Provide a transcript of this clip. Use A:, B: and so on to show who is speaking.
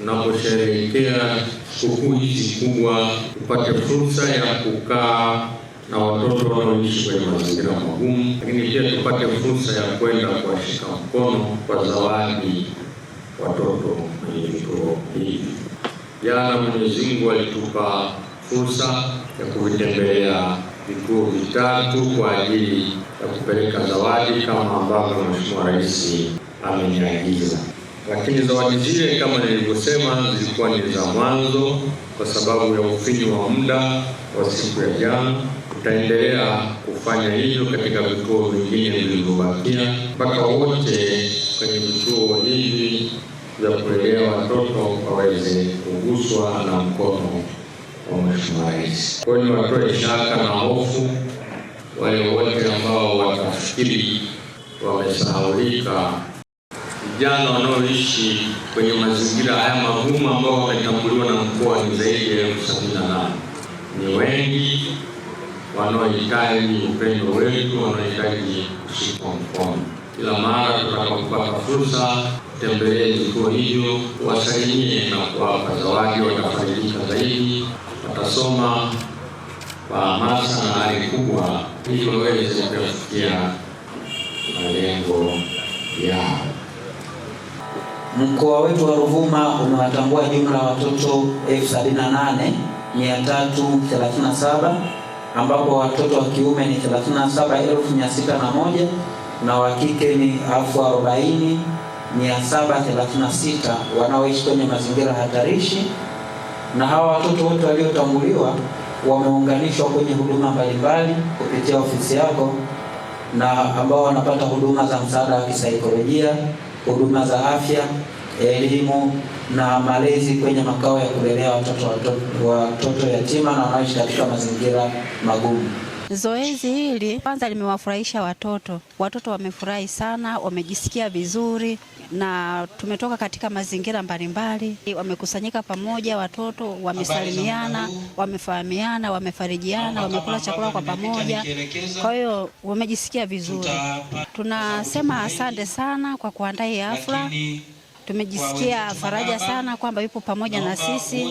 A: tunaposherekea sikukuu hizi kubwa, tupate fursa ya kukaa na watoto wanaoishi kwenye mazingira magumu, lakini pia tupate fursa ya kwenda kuwashika mkono kwa zawadi watoto kwenye vituo hivi. Jana Mwenyezi Mungu alitupa fursa ya kuvitembelea vituo vitatu kwa ajili ya kupeleka zawadi kama ambavyo Mheshimiwa Rais ameniagiza. Lakini zawadi zile kama nilivyosema, zilikuwa ni za mwanzo kwa sababu ya ufinyu wa muda wa siku ya jana. Tutaendelea kufanya hivyo katika vituo vingine vilivyobakia mpaka wote kwenye vituo hivi vya kulelea watoto waweze kuguswa na mkono wa Mheshimiwa Rais. Kwa ni watoe shaka na hofu wale wote ambao watafikiri wamesahaulika vijana wanaoishi kwenye mazingira haya magumu ambao wametambuliwa na mkoa ni zaidi ya elfu sabini na nane. Ni wengi wanaohitaji upendo wetu, wanaohitaji kushikwa mkono. Kila mara tutakapopata fursa, tembelee vituo hivyo, wasalimie na kuwapa zawadi. Watafaidika zaidi, watasoma kwa hamasa na hali kubwa, ili waweze kuyafikia malengo yao.
B: Mkoa wetu wa Ruvuma umewatambua jumla watoto 78337 ambapo watoto wa kiume ni 37601 na wa kike ni 40736 wanaoishi kwenye mazingira hatarishi, na hawa watoto wote waliotambuliwa wameunganishwa kwenye huduma mbalimbali kupitia ofisi yako, na ambao wanapata huduma za msaada wa kisaikolojia huduma za afya, elimu na malezi kwenye makao ya kulelea watoto watoto yatima na wanaoishi katika mazingira magumu.
C: Zoezi hili kwanza limewafurahisha watoto, watoto wamefurahi sana, wamejisikia vizuri na tumetoka katika mazingira mbalimbali, wamekusanyika pamoja, watoto wamesalimiana, wamefahamiana, wamefarijiana, wamekula chakula kwa pamoja, kwa hiyo wamejisikia vizuri. Tunasema asante sana kwa kuandaa hafla, tumejisikia faraja sana kwamba yupo pamoja na sisi.